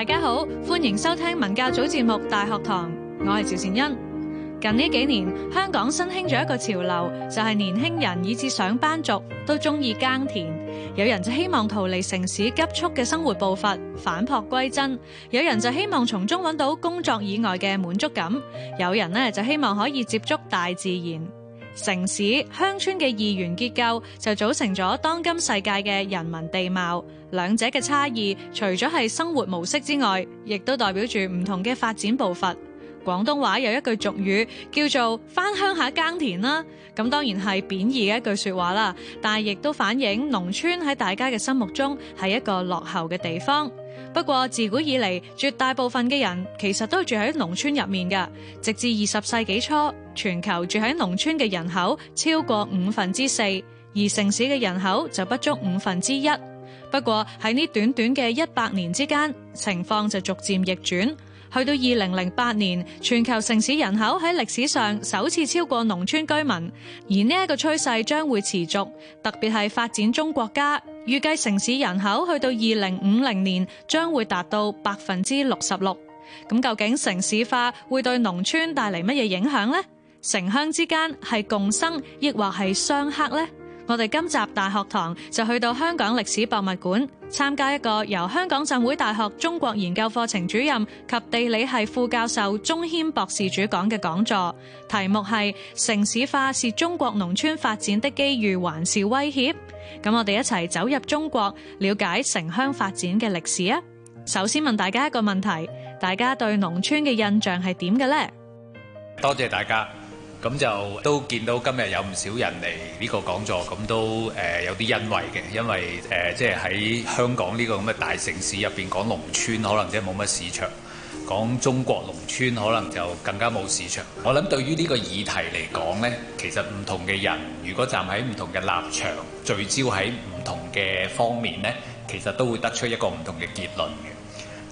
大家好，歡迎收聽文教組節目《大學堂》，我係趙善恩。近呢幾年，香港新興咗一個潮流，就係年輕人以至上班族都中意耕田。有人就希望逃離城市急促嘅生活步伐，返璞歸真；有人就希望從中揾到工作以外嘅滿足感；有人呢就希望可以接觸大自然。城市鄉村嘅二元結構就組成咗當今世界嘅人民地貌。兩者嘅差異，除咗係生活模式之外，亦都代表住唔同嘅發展步伐。廣東話有一句俗語叫做「返鄉下耕田」啦，咁當然係貶義嘅一句説話啦，但係亦都反映農村喺大家嘅心目中係一個落後嘅地方。不過自古以來，絕大部分嘅人其實都住喺農村入面㗎，直至二十世紀初，全球住喺農村嘅人口超過五分之四，而城市嘅人口就不足五分之一。不過喺呢短短嘅一百年之間，情況就逐漸逆轉，去到二零零八年，全球城市人口喺歷史上首次超過農村居民，而呢一個趨勢將會持續，特別係發展中國家，預計城市人口去到二零五零年將會達到百分之六十六。咁究竟城市化會對農村帶嚟乜嘢影響呢？城鄉之間係共生抑或係相克呢？我哋今集大學堂就去到香港歷史博物館參加一個由香港浸會大學中國研究課程主任及地理系副教授鍾謙博士主講嘅講座，題目係城市化是中國農村發展的機遇還是威脅？咁我哋一齊走入中國，了解城鄉發展嘅歷史啊！首先問大家一個問題：大家對農村嘅印象係點嘅呢？多謝大家。咁就都見到今日有唔少人嚟呢個講座，咁都誒、呃、有啲欣慰嘅，因為誒、呃、即係喺香港呢個咁嘅大城市入邊講農村，可能即係冇乜市場；講中國農村，可能就更加冇市場。我諗對於呢個議題嚟講呢，其實唔同嘅人如果站喺唔同嘅立場，聚焦喺唔同嘅方面呢，其實都會得出一個唔同嘅結論嘅。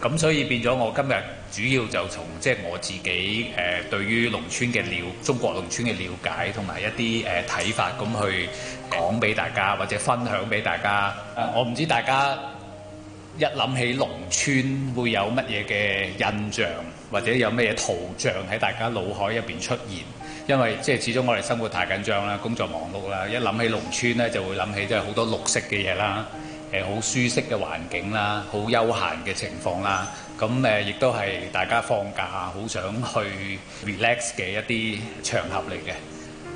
咁所以變咗，我今日主要就從即係、就是、我自己誒、呃、對於農村嘅了中國農村嘅了解，同埋一啲誒睇法咁去講俾大家，或者分享俾大家。呃、我唔知大家一諗起農村會有乜嘢嘅印象，或者有咩嘢圖像喺大家腦海入邊出現。因為即係始終我哋生活太緊張啦，工作忙碌啦，一諗起農村呢，就會諗起即係好多綠色嘅嘢啦。誒好舒適嘅環境啦，好休閒嘅情況啦，咁誒亦都係大家放假好想去 relax 嘅一啲場合嚟嘅。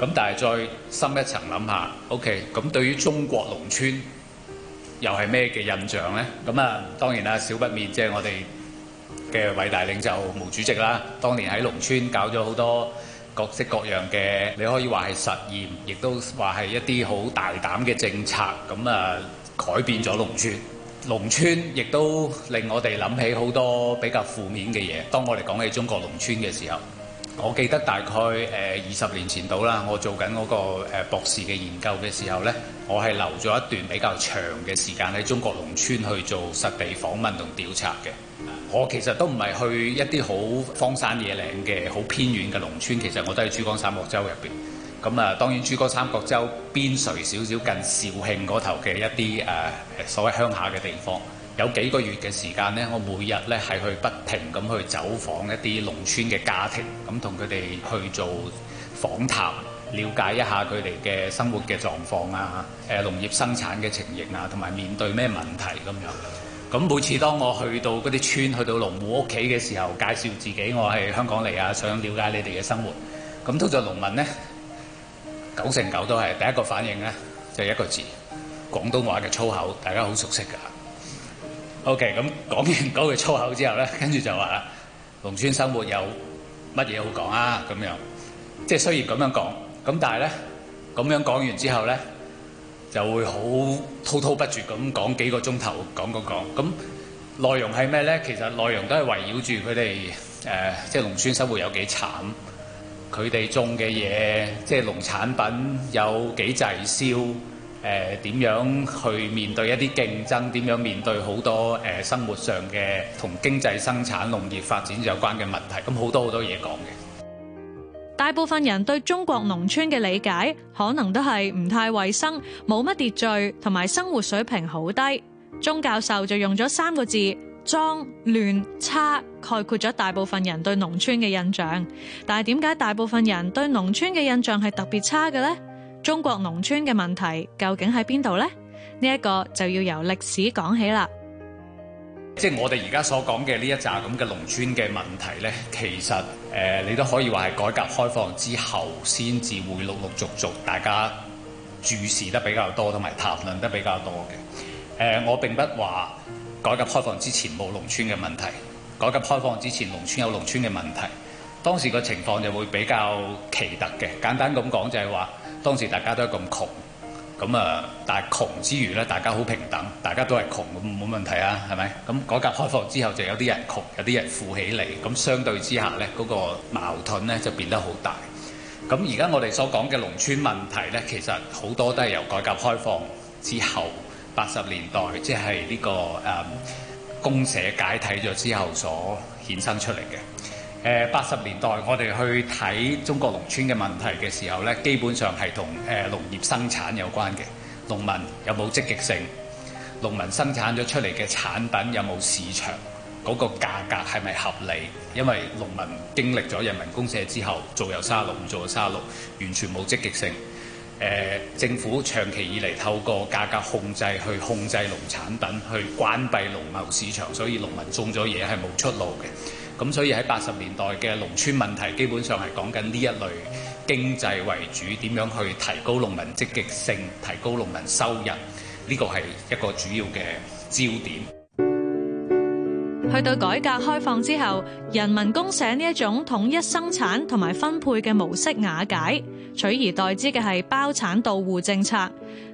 咁但係再深一層諗下，OK，咁對於中國農村又係咩嘅印象呢？咁啊，當然啦，少不免即係我哋嘅偉大領袖毛主席啦，當年喺農村搞咗好多各式各樣嘅，你可以話係實驗，亦都話係一啲好大膽嘅政策，咁啊～改變咗農村，農村亦都令我哋諗起好多比較負面嘅嘢。當我哋講起中國農村嘅時候，我記得大概誒二十年前到啦，我做緊嗰個誒博士嘅研究嘅時候呢，我係留咗一段比較長嘅時間喺中國農村去做實地訪問同調查嘅。我其實都唔係去一啲好荒山野嶺嘅、好偏遠嘅農村，其實我都喺珠江三角洲入邊。咁啊，當然珠江三角洲邊陲少少近肇慶嗰頭嘅一啲誒所謂鄉下嘅地方，有幾個月嘅時間呢，我每日呢係去不停咁去走訪一啲農村嘅家庭，咁同佢哋去做訪談，了解一下佢哋嘅生活嘅狀況啊，誒農業生產嘅情形啊，同埋面對咩問題咁樣。咁每次當我去到嗰啲村，去到農戶屋企嘅時候，介紹自己我係香港嚟啊，想了解你哋嘅生活。咁通常農民呢，九成九都係第一個反應呢就係一個字，廣東話嘅粗口，大家好熟悉㗎。OK，咁講完嗰句粗口之後呢，跟住就話啦，農村生活有乜嘢好講啊？咁樣，即係雖然咁樣講，咁但係呢，咁樣講完之後呢，就會好滔滔不絕咁講幾個鐘頭，講講講。咁內容係咩呢？其實內容都係圍繞住佢哋誒，即、呃、係、就是、農村生活有幾慘。佢哋種嘅嘢，即係農產品有幾滯銷？誒點樣去面對一啲競爭？點樣面對好多誒生活上嘅同經濟生產農業發展有關嘅問題？咁好多好多嘢講嘅。大部分人對中國農村嘅理解，可能都係唔太衞生、冇乜秩序同埋生活水平好低。鐘教授就用咗三個字。髒亂差概括咗大部分人對農村嘅印象，但係點解大部分人對農村嘅印象係特別差嘅呢？中國農村嘅問題究竟喺邊度呢？呢、這、一個就要由歷史講起啦。即係我哋而家所講嘅呢一扎咁嘅農村嘅問題呢，其實誒、呃，你都可以話係改革開放之後先至會陸,陸陸續續大家注視得比較多，同埋談論得比較多嘅。誒、呃，我並不話。改革開放之前冇農村嘅問題，改革開放之前農村有農村嘅問題。當時個情況就會比較奇特嘅，簡單咁講就係話，當時大家都係咁窮，咁啊，但係窮之餘呢，大家好平等，大家都係窮，咁冇問題啊，係咪？咁改革開放之後就有啲人窮，有啲人富起嚟，咁相對之下呢，嗰個矛盾呢就變得好大。咁而家我哋所講嘅農村問題呢，其實好多都係由改革開放之後。八十年代即係呢個誒公社解體咗之後所衍生出嚟嘅。誒、八十年代我哋去睇中國農村嘅問題嘅時候咧，基本上係同誒農業、生產有關嘅。農民有冇積極性？農民生產咗出嚟嘅產品有冇市場？嗰個價格係咪合理？因為農民經歷咗人民公社之後做又三六，唔做又三六，完全冇積極性。誒、呃、政府長期以嚟透過價格控制去控制農產品，去關閉農貿市場，所以農民種咗嘢係冇出路嘅。咁所以喺八十年代嘅農村問題，基本上係講緊呢一類經濟為主，點樣去提高農民積極性，提高農民收入，呢、呢個係一個主要嘅焦點。去到改革開放之後，人民公社呢一種統一生產同埋分配嘅模式瓦解。取而代之嘅係包產到戶政策，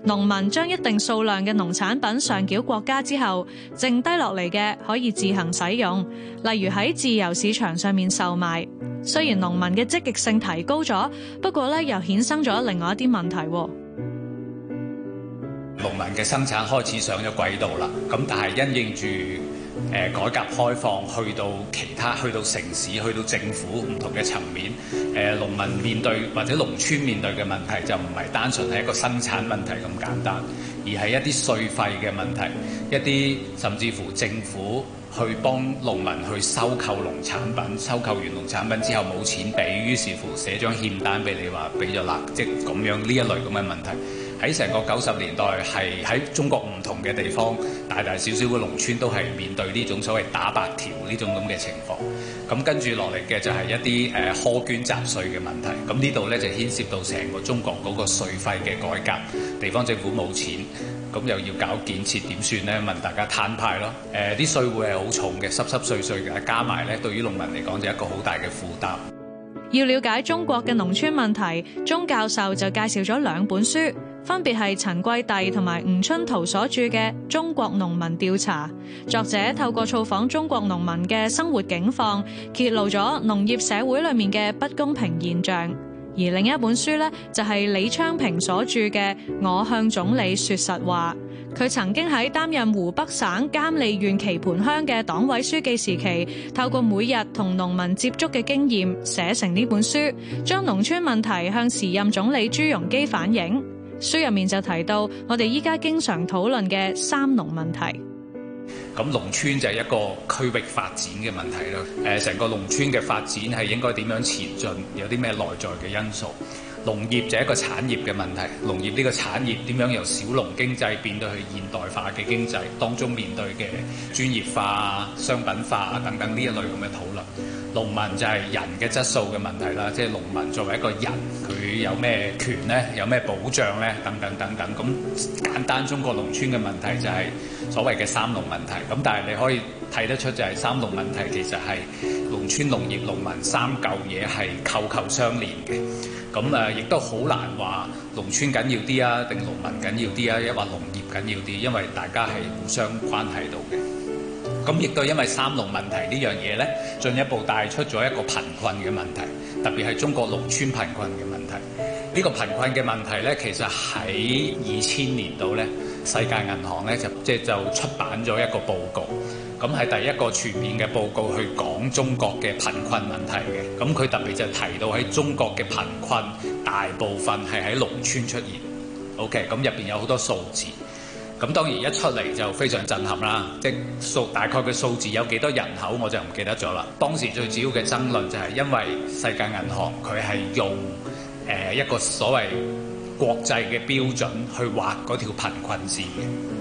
農民將一定數量嘅農產品上繳國家之後，剩低落嚟嘅可以自行使用，例如喺自由市場上面售賣。雖然農民嘅積極性提高咗，不過咧又衍生咗另外一啲問題。農民嘅生產開始上咗軌道啦，咁但係因應住。呃、改革開放去到其他，去到城市，去到政府唔同嘅層面。誒、呃、農民面對或者農村面對嘅問題，就唔係單純係一個生產問題咁簡單，而係一啲稅費嘅問題，一啲甚至乎政府去幫農民去收購農產品，收購完農產品之後冇錢俾，於是乎寫張欠單俾你話俾咗啦，即咁樣呢一類咁嘅問題。喺成個九十年代，係喺中國唔同嘅地方，大大小小嘅農村都係面對呢種所謂打白條呢種咁嘅情況。咁跟住落嚟嘅就係一啲誒苛捐雜稅嘅問題。咁呢度咧就牽涉到成個中國嗰個稅費嘅改革，地方政府冇錢，咁又要搞建設點算呢？問大家攤派咯。誒、呃、啲稅會係好重嘅，濕濕碎碎嘅。加埋咧，對於農民嚟講就係一個好大嘅負擔。要了解中國嘅農村問題，鐘教授就介紹咗兩本書。分別係陳桂棣同埋吳春桃所著嘅《中國農民調查》，作者透過採訪中國農民嘅生活境況，揭露咗農業社會裏面嘅不公平現象。而另一本書呢就係李昌平所著嘅《我向總理說實話》。佢曾經喺擔任湖北省監利縣棋盤鄉嘅黨委書記時期，透過每日同農民接觸嘅經驗寫成呢本書，將農村問題向時任總理朱鎔基反映。書入面就提到，我哋依家經常討論嘅三農問題。咁農村就係一個區域發展嘅問題啦。誒，成個農村嘅發展係應該點樣前進？有啲咩內在嘅因素？農業就係一個產業嘅問題，農業呢個產業點樣由小農經濟變到去現代化嘅經濟當中面對嘅專業化、商品化等等呢一類咁嘅討論，農民就係人嘅質素嘅問題啦，即係農民作為一個人，佢有咩權咧？有咩保障咧？等等等等。咁簡單中國農村嘅問題就係所謂嘅三農問題，咁但係你可以睇得出，就係三農問題其實，係農村、農業農民三舊嘢係扣扣相連嘅。咁啊，亦都好難話農村緊要啲啊，定農民緊要啲啊，抑或農業緊要啲，因為大家係互相關係到嘅。咁亦都因為三農問題呢樣嘢咧，進一步帶出咗一個貧困嘅問題，特別係中國農村貧困嘅問題。呢個貧困嘅問題咧，其實喺二千年度咧。世界銀行咧就即係就出版咗一個報告，咁係第一個全面嘅報告去講中國嘅貧困問題嘅。咁佢特別就提到喺中國嘅貧困大部分係喺農村出現。OK，咁入邊有好多數字。咁當然一出嚟就非常震撼啦，即係數大概嘅數字有幾多人口我就唔記得咗啦。當時最主要嘅爭論就係因為世界銀行佢係用誒、呃、一個所謂國際嘅標準去畫嗰條貧困線，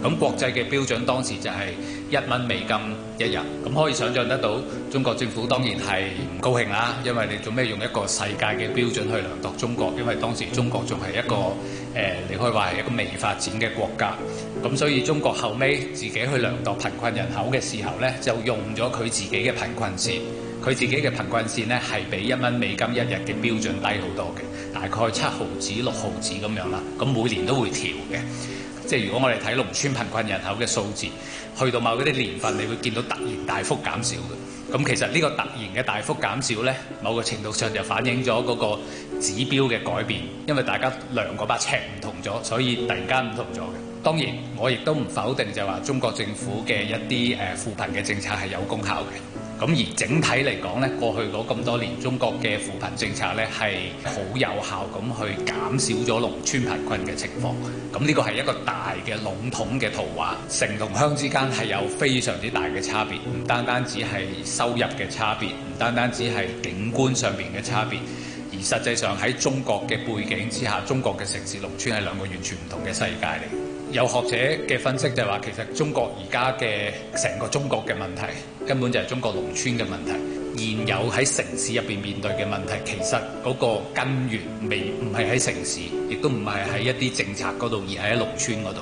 咁國際嘅標準當時就係一蚊美金一日，咁可以想象得到中國政府當然係唔高興啦，因為你做咩用一個世界嘅標準去量度中國？因為當時中國仲係一個誒、呃，你可以話係一個未發展嘅國家，咁所以中國後尾自己去量度貧困人口嘅時候呢，就用咗佢自己嘅貧困線，佢自己嘅貧困線呢，係比一蚊美金一日嘅標準低好多嘅。大概七毫子、六毫子咁樣啦，咁每年都會調嘅。即係如果我哋睇農村貧困人口嘅數字，去到某啲年份，你會見到突然大幅減少嘅。咁其實呢個突然嘅大幅減少呢，某個程度上就反映咗嗰個指標嘅改變，因為大家量嗰把尺唔同咗，所以突然間唔同咗嘅。當然，我亦都唔否定就話中國政府嘅一啲誒扶貧嘅政策係有功效嘅。咁而整體嚟講咧，過去嗰咁多年中國嘅扶貧政策咧，係好有效咁去減少咗農村貧困嘅情況，咁呢個係一個大嘅籠統嘅圖畫，城同鄉之間係有非常之大嘅差別，唔單單只係收入嘅差別，唔單單只係景觀上邊嘅差別，而實際上喺中國嘅背景之下，中國嘅城市、農村係兩個完全唔同嘅世界嚟。有學者嘅分析就係話，其實中國而家嘅成個中國嘅問題根本就係中國農村嘅問題，現有喺城市入邊面面對嘅問題，其實嗰個根源未唔係喺城市，亦都唔係喺一啲政策嗰度，而係喺農村嗰度。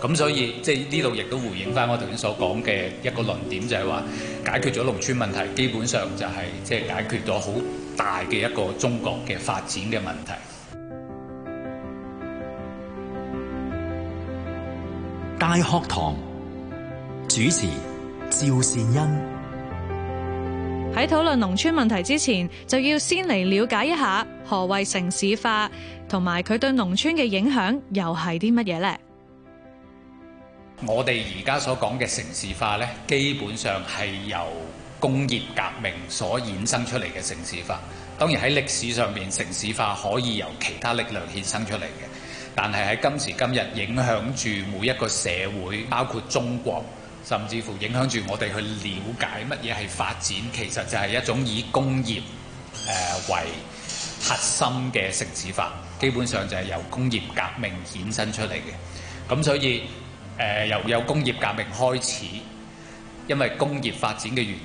咁所以，即係呢度亦都回應翻我頭先所講嘅一個論點就係話，解決咗農村問題基本上就係即係解決咗好大嘅一個中國嘅發展嘅問題。大學堂主持趙善恩，喺討論農村問題之前，就要先嚟了解一下何謂城市化，同埋佢對農村嘅影響又係啲乜嘢呢？我哋而家所講嘅城市化呢，基本上係由工業革命所衍生出嚟嘅城市化。當然喺歷史上面，城市化可以由其他力量衍生出嚟嘅。但係喺今時今日，影響住每一個社會，包括中國，甚至乎影響住我哋去了解乜嘢係發展。其實就係一種以工業呃為核心嘅城市化，基本上就係由工業革命衍生出嚟嘅。咁所以呃，由有工業革命開始，因為工業發展嘅原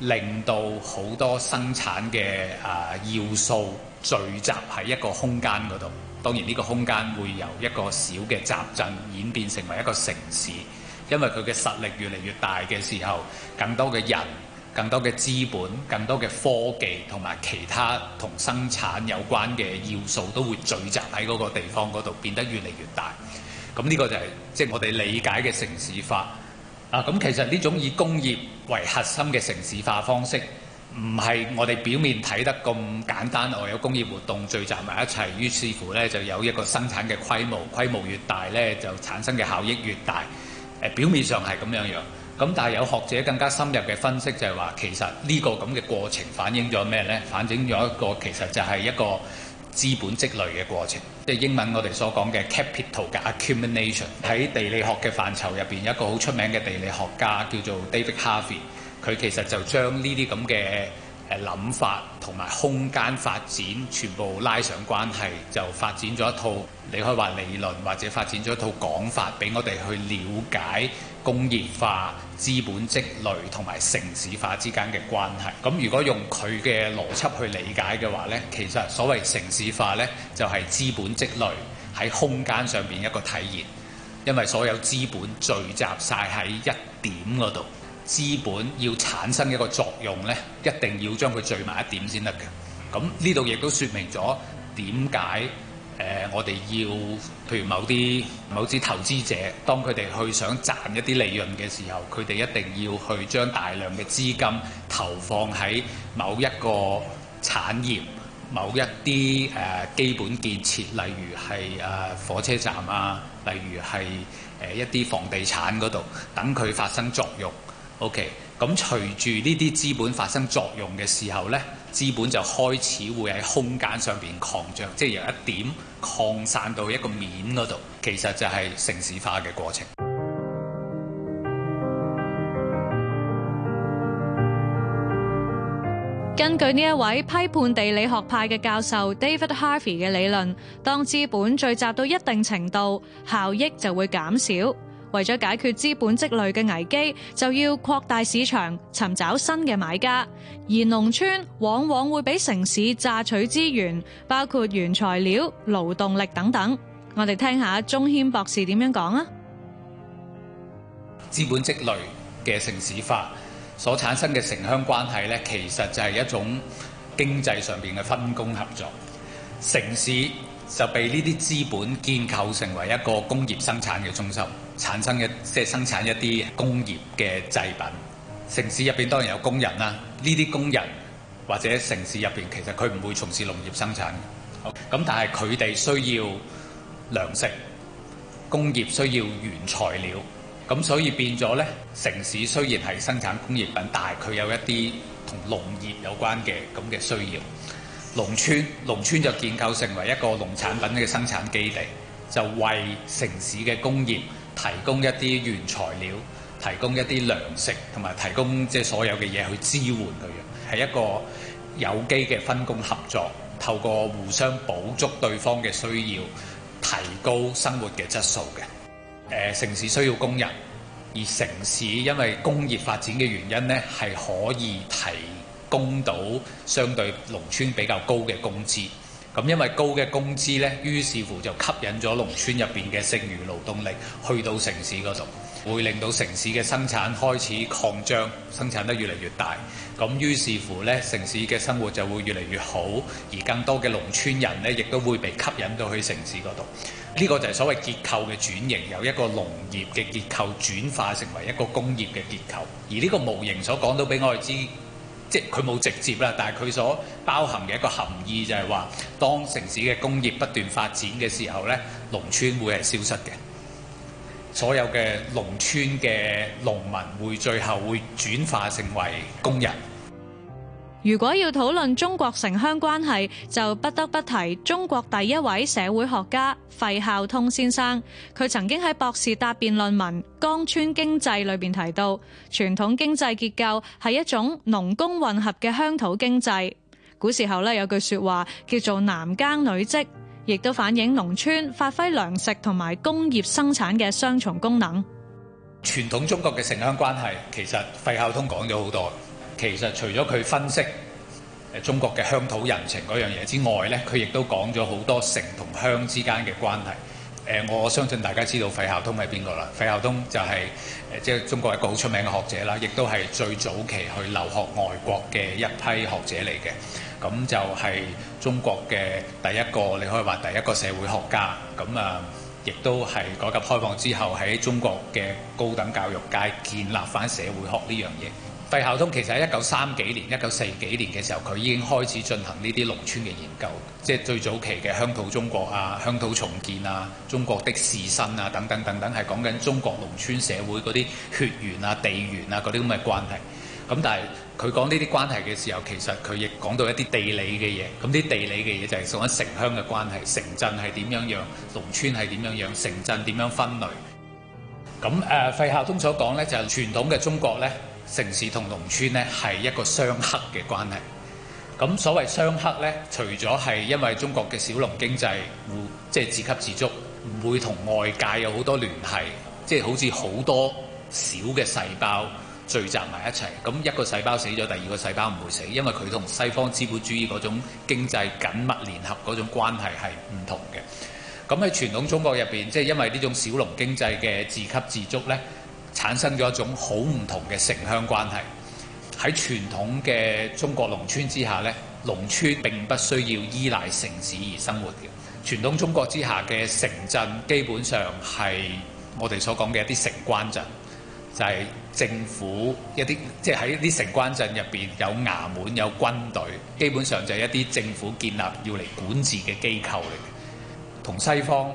因，令到好多生產嘅呃要素聚集喺一個空間嗰度。當然呢個空間會由一個小嘅集鎮演變成為一個城市，因為佢嘅實力越嚟越大嘅時候，更多嘅人、更多嘅資本、更多嘅科技同埋其他同生產有關嘅要素都會聚集喺嗰個地方嗰度，變得越嚟越大。咁呢個就係即係我哋理解嘅城市化。啊，咁其實呢種以工業為核心嘅城市化方式，唔係我哋表面睇得咁簡單，我有工業活動聚集埋一齊，於是乎呢就有一個生產嘅規模，規模越大呢，就產生嘅效益越大。呃，表面上係咁樣樣，咁但係有學者更加深入嘅分析就係話，其實呢個咁嘅過程反映咗咩呢？反映咗一個其實就係一個資本積累嘅過程，即係英文我哋所講嘅 capital 嘅 accumulation。喺地理學嘅範疇入邊，有一個好出名嘅地理學家叫做 David Harvey。佢其實就將呢啲咁嘅誒諗法同埋空間發展全部拉上關係，就發展咗一套，你可以話理論或者發展咗一套講法俾我哋去了解工業化、資本積累同埋城市化之間嘅關係。咁如果用佢嘅邏輯去理解嘅話呢，其實所謂城市化呢，就係資本積累喺空間上面一個體現，因為所有資本聚集晒喺一點嗰度。資本要產生一個作用呢，一定要將佢聚埋一點先得嘅。咁呢度亦都説明咗點解我哋要譬如某啲某啲投資者，當佢哋去想賺一啲利潤嘅時候，佢哋一定要去將大量嘅資金投放喺某一個產業、某一啲誒、呃、基本建設，例如係誒、呃、火車站啊，例如係誒、呃、一啲房地產嗰度，等佢發生作用。O.K. 咁隨住呢啲資本發生作用嘅時候呢，資本就開始會喺空間上邊擴張，即係由一點擴散到一個面嗰度。其實就係城市化嘅過程。根據呢一位批判地理學派嘅教授 David Harvey 嘅理論，當資本聚集到一定程度，效益就會減少。為咗解決資本積累嘅危機，就要擴大市場，尋找新嘅買家。而農村往往會俾城市榨取資源，包括原材料、勞動力等等。我哋聽下鐘謙博士點樣講啊？資本積累嘅城市化所產生嘅城鄉關係咧，其實就係一種經濟上邊嘅分工合作。城市就被呢啲資本建構成為一個工業生產嘅中心。產生嘅即係生產一啲工業嘅製品。城市入邊當然有工人啦，呢啲工人或者城市入邊其實佢唔會從事農業生產。咁但係佢哋需要糧食，工業需要原材料，咁所以變咗呢，城市雖然係生產工業品，但係佢有一啲同農業有關嘅咁嘅需要。農村，農村就建構成為一個農產品嘅生產基地，就為城市嘅工業。提供一啲原材料，提供一啲糧食，同埋提供即係所有嘅嘢去支援佢，係一個有機嘅分工合作，透過互相補足對方嘅需要，提高生活嘅質素嘅。誒，城市需要工人，而城市因為工業發展嘅原因咧，係可以提供到相對農村比較高嘅工資。咁因為高嘅工資咧，於是乎就吸引咗農村入邊嘅剩餘勞動力去到城市嗰度，會令到城市嘅生產開始擴張，生產得越嚟越大。咁於是乎咧，城市嘅生活就會越嚟越好，而更多嘅農村人咧，亦都會被吸引到去城市嗰度。呢個就係所謂結構嘅轉型，由一個農業嘅結構轉化成為一個工業嘅結構，而呢個模型所講到俾我哋知。即佢冇直接啦，但係佢所包含嘅一個含義就係話當城市嘅工業不斷發展嘅時候咧，農村會係消失嘅，所有嘅農村嘅農民會最後會轉化成為工人。如果要討論中國城鄉關係，就不得不提中國第一位社會學家費孝通先生。佢曾經喺博士答辯論文《江村經濟》裏邊提到，傳統經濟結構係一種農工混合嘅鄉土經濟。古時候咧有句説話叫做「男耕女織」，亦都反映農村發揮糧食同埋工業生產嘅雙重功能。傳統中國嘅城鄉關係其實費孝通講咗好多。其實除咗佢分析中國嘅鄉土人情嗰樣嘢之外呢，佢亦都講咗好多城同鄉之間嘅關係。誒、呃，我相信大家知道費孝通係邊個啦？費孝通就係即係中國一個好出名嘅學者啦，亦都係最早期去留學外國嘅一批學者嚟嘅。咁就係中國嘅第一個，你可以話第一個社會學家。咁啊，亦都係改革開放之後喺中國嘅高等教育界建立翻社會學呢樣嘢。費孝通其實喺一九三幾年、一九四幾年嘅時候，佢已經開始進行呢啲農村嘅研究，即係最早期嘅《鄉土中國》啊，《鄉土重建》啊，《中國的士紳》啊，等等等等，係講緊中國農村社會嗰啲血緣啊、地緣啊嗰啲咁嘅關係。咁但係佢講呢啲關係嘅時候，其實佢亦講到一啲地理嘅嘢。咁啲地理嘅嘢就係講緊城鄉嘅關係，城鎮係點樣樣，農村係點樣樣，城鎮點樣分類。咁誒，費孝通所講呢，就係傳統嘅中國呢。城市同農村呢，係一個相克嘅關係。咁所謂相克呢，除咗係因為中國嘅小農經濟會即係自給自足，唔會同外界有好多聯繫，即係好似好多小嘅細胞聚集埋一齊，咁一個細胞死咗，第二個細胞唔會死，因為佢同西方資本主義嗰種經濟緊密聯合嗰種關係係唔同嘅。咁喺傳統中國入邊，即係因為呢種小農經濟嘅自給自足呢。產生咗一種好唔同嘅城鄉關係。喺傳統嘅中國農村之下呢，農村並不需要依賴城市而生活嘅。傳統中國之下嘅城鎮基本上係我哋所講嘅一啲城關鎮，就係政府一啲，即係喺啲城關鎮入邊有衙門有軍隊，基本上就係一啲政府建立要嚟管治嘅機構嚟嘅，同西方。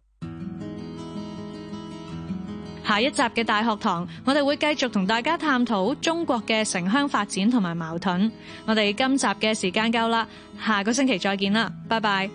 下一集嘅大學堂，我哋會繼續同大家探討中國嘅城鄉發展同埋矛盾。我哋今集嘅時間夠啦，下個星期再見啦，拜拜。